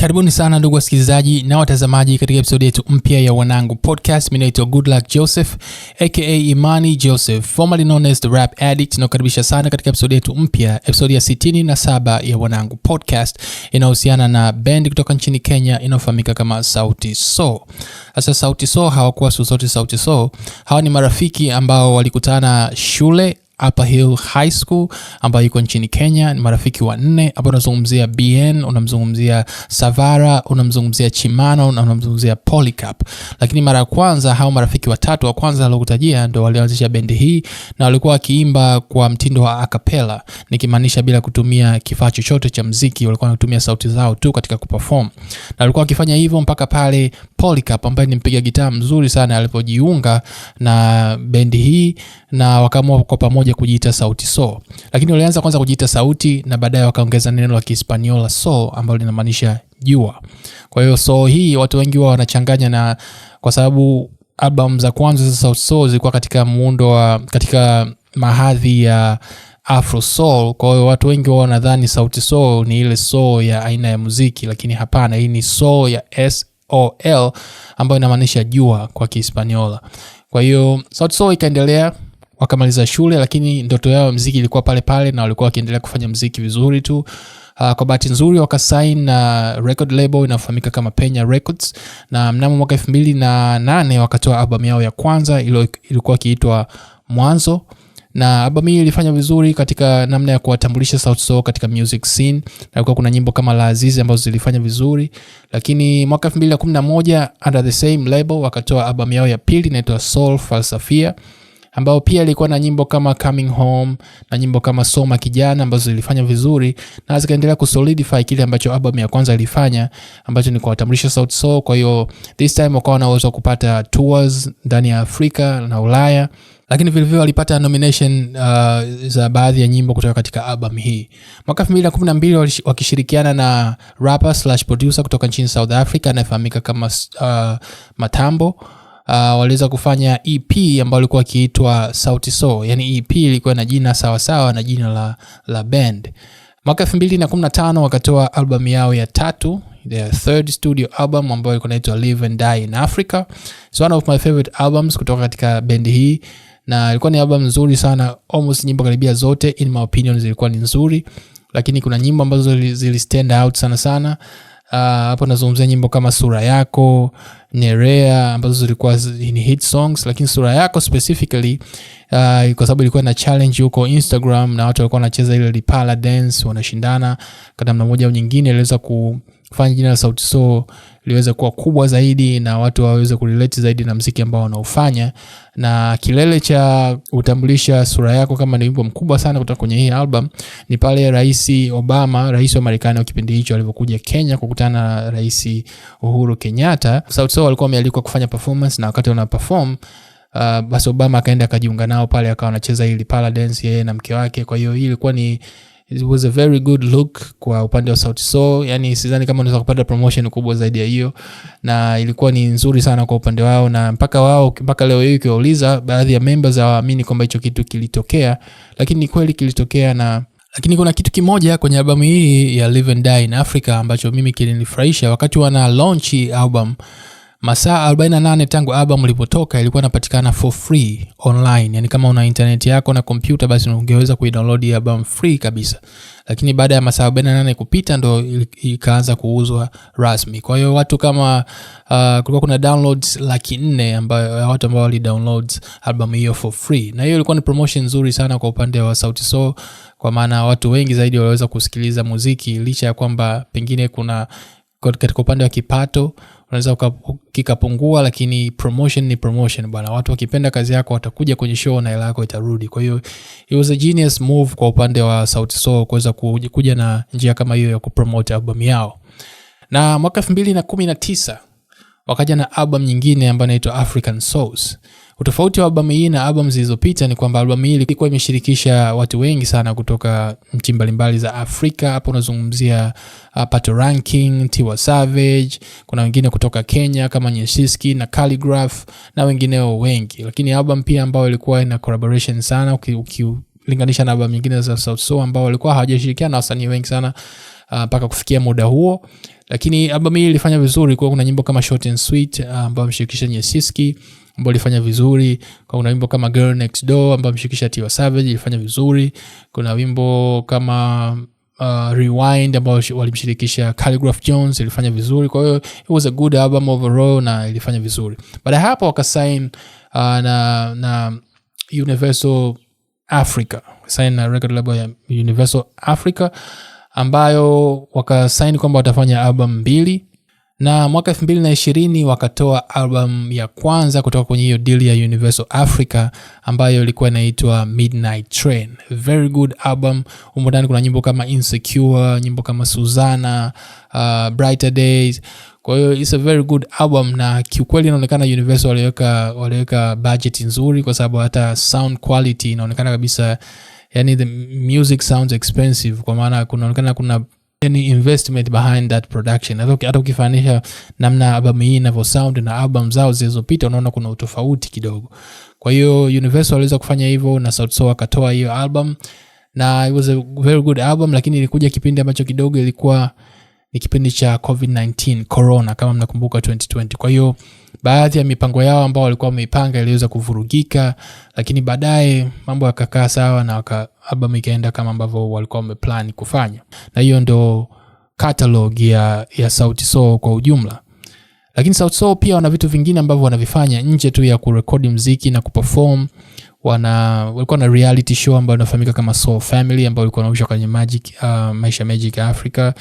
Karibuni sana ndugu wasikilizaji na watazamaji katika episodi yetu mpya ya Wanangu Podcast. Mimi naitwa Goodluck Joseph aka Imani Joseph, formerly known as the Rap Addict. Nakukaribisha sana katika episodi yetu mpya, episodi ya 67 ya Wanangu Podcast inayohusiana na bendi kutoka nchini Kenya inayofahamika kama Sauti so Sasa Sauti so hawakuwa sosote. Sauti so hawa ni marafiki ambao walikutana shule Upper Hill High School ambayo iko nchini Kenya. Ni marafiki wanne hapo. unazungumzia BN, unamzungumzia Savara, unamzungumzia Chimano na unamzungumzia Polycap. Lakini mara ya kwanza hao marafiki watatu wa kwanza aliokutajia ndio walianzisha bendi hii na walikuwa wakiimba kwa mtindo wa acapella, nikimaanisha bila kutumia kifaa chochote cha mziki, walikuwa wanatumia sauti zao tu katika kuperform, na walikuwa wakifanya hivyo mpaka pale Polycap ambaye ni mpiga gitaa mzuri sana alipojiunga na bendi hii na wakaamua kwa pamoja wakaja kujiita Sauti so lakini walianza kwanza kujiita Sauti na baadaye wakaongeza neno la Kihispaniola so ambalo linamaanisha jua. Kwa hiyo so hii watu wengi wao wanachanganya na, kwa sababu albam za kwanza za Sauti so zilikuwa katika muundo wa katika mahadhi ya Afro Soul. Kwa hiyo watu wengi wao wanadhani Sauti Sol ni ile soul ya aina ya muziki, lakini hapana, hii ni soul ya S O L ambayo inamaanisha jua kwa Kihispaniola. Kwa hiyo Sauti Sol ikaendelea wakamaliza shule, lakini ndoto yao ya mziki ilikuwa pale pale na walikuwa wakiendelea kufanya mziki vizuri tu. Uh, kwa bahati nzuri wakasain na uh, record label inayofahamika kama Penya Records, na mnamo mwaka na nane wakatoa albamu yao ya kwanza ilo ilikuwa ikiitwa Mwanzo na albamu hii ilifanya vizuri katika namna ya kuwatambulisha Sauti Sol so katika music scene, na kuwa kuna nyimbo kama Laazizi ambazo zilifanya vizuri, lakini mwaka 2011 under the same label wakatoa albamu yao ya pili inaitwa Soul Falsafia ambao pia ilikuwa na nyimbo kama Coming Home na nyimbo kama Soma Kijana ambazo zilifanya vizuri na zikaendelea kusolidify kile ambacho album ya kwanza ilifanya ambacho ni kuwatambulisha Sauti Sol. Kwa hiyo this time wakawa na uwezo kupata tours ndani ya Afrika na Ulaya lakini vilevile walipata nomination uh, za baadhi ya nyimbo kutoka katika album hii. Mwaka 2012 wakishirikiana na rapper slash producer kutoka nchini South Africa anayefahamika kama uh, Matambo uh, waliweza kufanya EP ambayo ilikuwa ikiitwa Sauti Sol, yani EP ilikuwa na jina sawa sawa na jina la, la band. Mwaka 2015 wakatoa album yao ya tatu their third studio album ambayo ilikuwa inaitwa Live and Die in Africa. It's one of my favorite albums kutoka katika bendi hii na ilikuwa ni album nzuri sana, almost nyimbo karibia zote in my opinion zilikuwa ni nzuri, lakini kuna nyimbo ambazo zili stand out sana sana. Ah, hapo uh, nazungumzia nyimbo kama Sura Yako Nerea ambazo zilikuwa ni hit songs, lakini sura yako specifically uh, kwa sababu ilikuwa na challenge huko Instagram na watu walikuwa wanacheza ile Lipala dance, wanashindana kwa namna moja au nyingine, iliweza ku kufanya jina la Sauti so liweze kuwa kubwa zaidi na watu waweze kurelate zaidi na mziki ambao wanaofanya, na kilele cha utambulisha sura yako kama ni wimbo mkubwa sana kutoka kwenye hii album ni pale Rais Obama, rais wa Marekani wa kipindi hicho, alivyokuja Kenya kukutana na Rais Uhuru Kenyatta. Sauti so walikuwa wamealikwa kufanya performance, na wakati wana perform Uh, basi Obama akaenda akajiunga nao pale, akawa anacheza ili Paradise yeye na mke wake. Kwa hiyo hii ilikuwa ni it was a very good look kwa upande wa sauti so yani sizani kama unaweza kupata promotion kubwa zaidi ya hiyo na ilikuwa ni nzuri sana kwa upande wao na mpaka wao mpaka leo hii ukiwauliza baadhi ya members hawaamini kwamba hicho kitu kilitokea lakini ni kweli kilitokea na lakini kuna kitu kimoja kwenye albamu hii ya live and die in africa ambacho mimi kilinifurahisha wakati wana launch album Masaa 48 tangu album ilipotoka ilikuwa inapatikana for free online, yani kama una internet yako na kompyuta, basi ungeweza kuidownload album free kabisa, lakini baada ya masaa 48 kupita ndo ikaanza kuuzwa rasmi. Kwa hiyo watu kama uh, kulikuwa kuna downloads laki nne ambayo watu ambao wali download albamu hiyo for free, na hiyo ilikuwa ni promotion nzuri sana kwa upande wa Sauti so kwa maana watu wengi zaidi waliweza kusikiliza muziki licha ya kwamba pengine kuna katika upande wa kipato unaweza kikapungua, lakini promotion ni promotion bwana. Watu wakipenda kazi yako watakuja kwenye show na hela yako itarudi. Kwa hiyo it was a genius move kwa upande wa Sauti Sol kuweza kuja na njia kama hiyo ya kupromote albamu yao, na mwaka 2019 wakaja na album nyingine ambayo inaitwa African Souls. Utofauti wa albamu hii na albamu zilizopita ni kwamba albamu hii ilikuwa imeshirikisha watu wengi sana kutoka nchi mbalimbali za Afrika. Hapo unazungumzia uh, Pato Ranking, Tiwa Savage, kuna wengine kutoka Kenya kama nyesiski na Khaligraph na wengineo wengi, lakini albamu pia ambayo ilikuwa ina collaboration sana ukilinganisha na albamu nyingine za South Soul ambao walikuwa hawajashirikiana na wasanii wengi sana uh, mpaka uh, kufikia muda huo lakini albamu hii ilifanya vizuri kwa kuna nyimbo kama Short and Sweet ah, ambayo amshirikisha Nyesiski ambayo ilifanya vizuri. Kwa kuna wimbo kama Girl Next Door ambayo amshirikisha Tiwa Savage ilifanya vizuri. Kuna wimbo kama uh, Rewind ambao walimshirikisha calligraph Jones ilifanya vizuri. Kwa hiyo it was a good album overall na ilifanya vizuri. Baada ya hapo wakasign uh, na, na Universal Africa, sign na record label ya Universal Africa ambayo wakasaini kwamba watafanya albamu mbili na mwaka 2020 wakatoa albamu ya kwanza kutoka kwenye hiyo deal ya Universal Africa ambayo ilikuwa inaitwa Midnight Train. Very good album. Humo ndani kuna nyimbo kama Insecure, nyimbo kama suzana uh, Brighter Days. Kwa hiyo it's a very good album na kiukweli inaonekana Universal waliweka waliweka budget nzuri kwa sababu hata sound quality inaonekana kabisa yani the music sounds expensive kwa maana kunaonekana kuna any investment behind that production hata ukifanisha namna albamu hii inavyo sound na album zao zilizopita unaona kuna utofauti kidogo kwa hiyo universal waliweza kufanya hivyo na Sauti akatoa hiyo album na it was a very good album lakini ilikuja kipindi ambacho kidogo ilikuwa ni kipindi cha COVID-19 corona, kama mnakumbuka 2020. Kwa hiyo baadhi ya mipango yao ambao walikuwa wameipanga iliweza kuvurugika, lakini baadaye mambo yakakaa sawa na waka, albamu ikaenda kama ambavyo walikuwa wameplan kufanya, na hiyo ndo catalog ya, ya Sauti Sol kwa ujumla. Lakini Sauti Sol pia wana vitu vingine ambavyo wanavifanya nje tu ya kurekodi mziki na kuperform. Wana walikuwa na reality show ambayo inafahamika kama Soul Family ambayo ilikuwa inaonyeshwa kwenye Magic uh, Maisha Magic Africa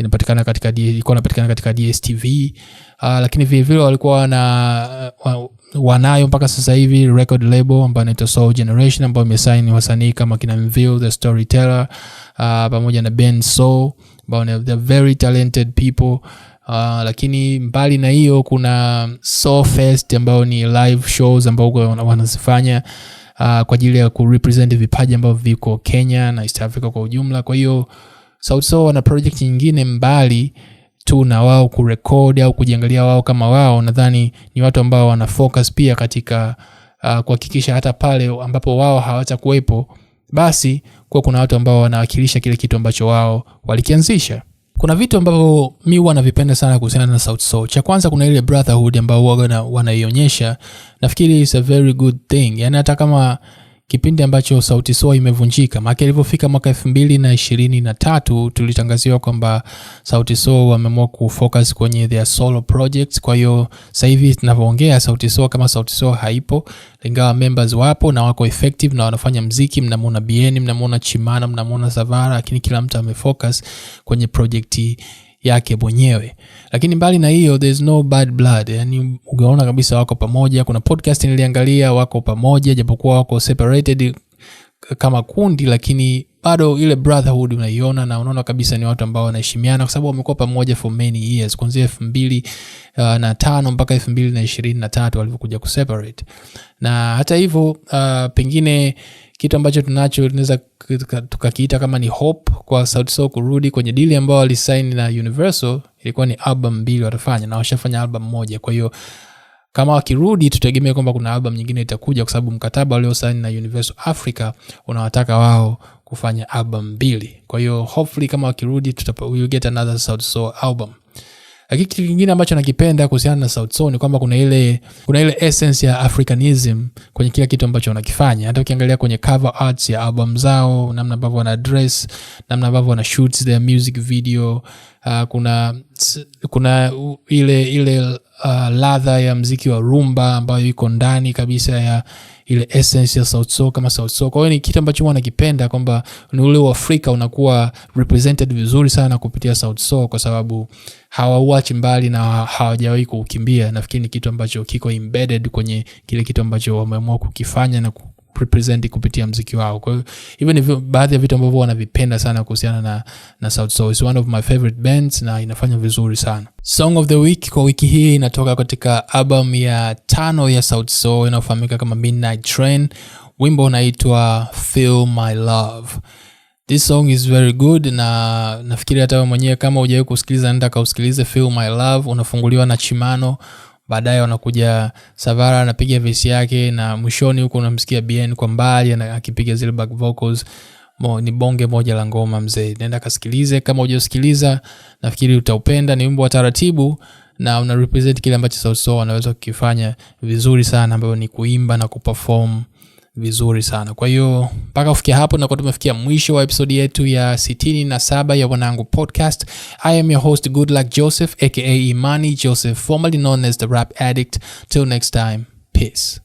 inapatikana katika ilikuwa inapatikana katika DSTV uh, ah, lakini vilevile walikuwa wana wanayo mpaka sasa hivi record label ambayo inaitwa Soul Generation ambayo imesaini wasanii kama kina Mvil the Storyteller uh, pamoja na Ben Soul ambao ni the very talented people uh, lakini mbali na hiyo kuna Soul Fest ambayo ni live shows ambao wanazifanya uh, kwa ajili ya kurepresent vipaji ambavyo viko Kenya na East Africa kwa ujumla kwa hiyo Sauti Sol wana project nyingine mbali tu na wao kurekodi au kujiangalia wao kama wao. Nadhani ni watu ambao wana focus pia katika uh, kuhakikisha hata pale ambapo wao hawatakuwepo basi kuwa kuna watu ambao wanawakilisha kile kitu ambacho wao walikianzisha. Kuna vitu ambavyo mi huwa navipenda sana kuhusiana na Sauti Sol. Cha kwanza kuna ile brotherhood ambao wanaionyesha, nafikiri is a very good thing, yaani hata kama kipindi ambacho Sauti Sol imevunjika. Maana ilivyofika mwaka tatu tulitangaziwa kwamba Sauti Sol wameamua kufocus kwenye their solo project. Kwa hiyo sasa hivi tunavyoongea, Sauti Sol kama Sauti Sol haipo, ingawa members wapo na wako effective na wanafanya mziki. Mnamuona bn mnamuona Chimana, mnamuona Savara, lakini kila mtu amefocus kwenye project yake mwenyewe lakini mbali na hiyo there's no bad blood yani ugaona kabisa wako pamoja kuna podcast niliangalia wako pamoja japokuwa wako separated kama kundi lakini bado ile brotherhood unaiona na unaona kabisa ni watu ambao wanaheshimiana kwa sababu wamekuwa pamoja for many years kuanzia elfu mbili uh, na tano mpaka elfu mbili na ishirini na tatu walivyokuja kuseparate na hata hivyo uh, pengine kitu ambacho tunacho tunaweza tukakiita kama ni hope kwa Sauti Sol kurudi kwenye dili ambao walisain na Universal, ilikuwa ni album mbili watafanya na washafanya album moja. Kwa hiyo kama wakirudi, tutegemee kwamba kuna album nyingine itakuja, kwa sababu mkataba waliosaini na Universal Africa unawataka wao kufanya album mbili. Kwa hiyo hopefully, kama wakirudi, we'll get another Sauti Sol album. Lakini kitu kingine ambacho nakipenda kuhusiana na Sauti ni kwamba kuna ile, kuna ile essence ya Africanism kwenye kila kitu ambacho wanakifanya. Hata ukiangalia kwenye cover arts ya album zao, namna ambavyo wana dress, namna ambavyo wana shoot their music video uh, kuna kuna ile ile uh, ladha ya mziki wa rumba ambayo iko ndani kabisa ya ile essence ya South Soul kama South Soul. Kwa hiyo ni kitu ambacho mwana nakipenda kwamba ni ule Uafrika unakuwa represented vizuri sana kupitia South Soul kwa sababu hawauachi mbali na hawajawahi kukimbia Nafikiri ni kitu ambacho kiko embedded kwenye kile kitu ambacho wameamua kukifanya na ku represent kupitia mziki wao kwa hiyo hivyo ni baadhi ya vitu ambavyo wanavipenda sana kuhusiana na, na South Soul. It's one of my favorite bands na inafanya vizuri sana song of the week kwa wiki hii inatoka katika album ya tano ya South Soul inayofahamika kama Midnight Train wimbo unaitwa Feel My Love This song is very good na nafikiri hata wewe mwenyewe kama hujawahi kusikiliza nenda kausikilize Feel My Love unafunguliwa na Chimano baadaye wanakuja Savara anapiga vesi yake, na mwishoni huko unamsikia bn kwa mbali akipiga zile back vocals. Mo, ni bonge moja la ngoma mzee, naenda kasikilize kama hujasikiliza, nafikiri utaupenda. Ni wimbo wa taratibu na una represent kile ambacho Sauti anaweza kukifanya vizuri sana, ambayo ni kuimba na kuperform vizuri sana. Kwa hiyo mpaka kufikia hapo tunakuwa tumefikia mwisho wa episodi yetu ya 67 ya Wanangu Podcast. I am your host Good Luck Joseph aka Imani Joseph formerly known as the Rap Addict. Till next time, peace.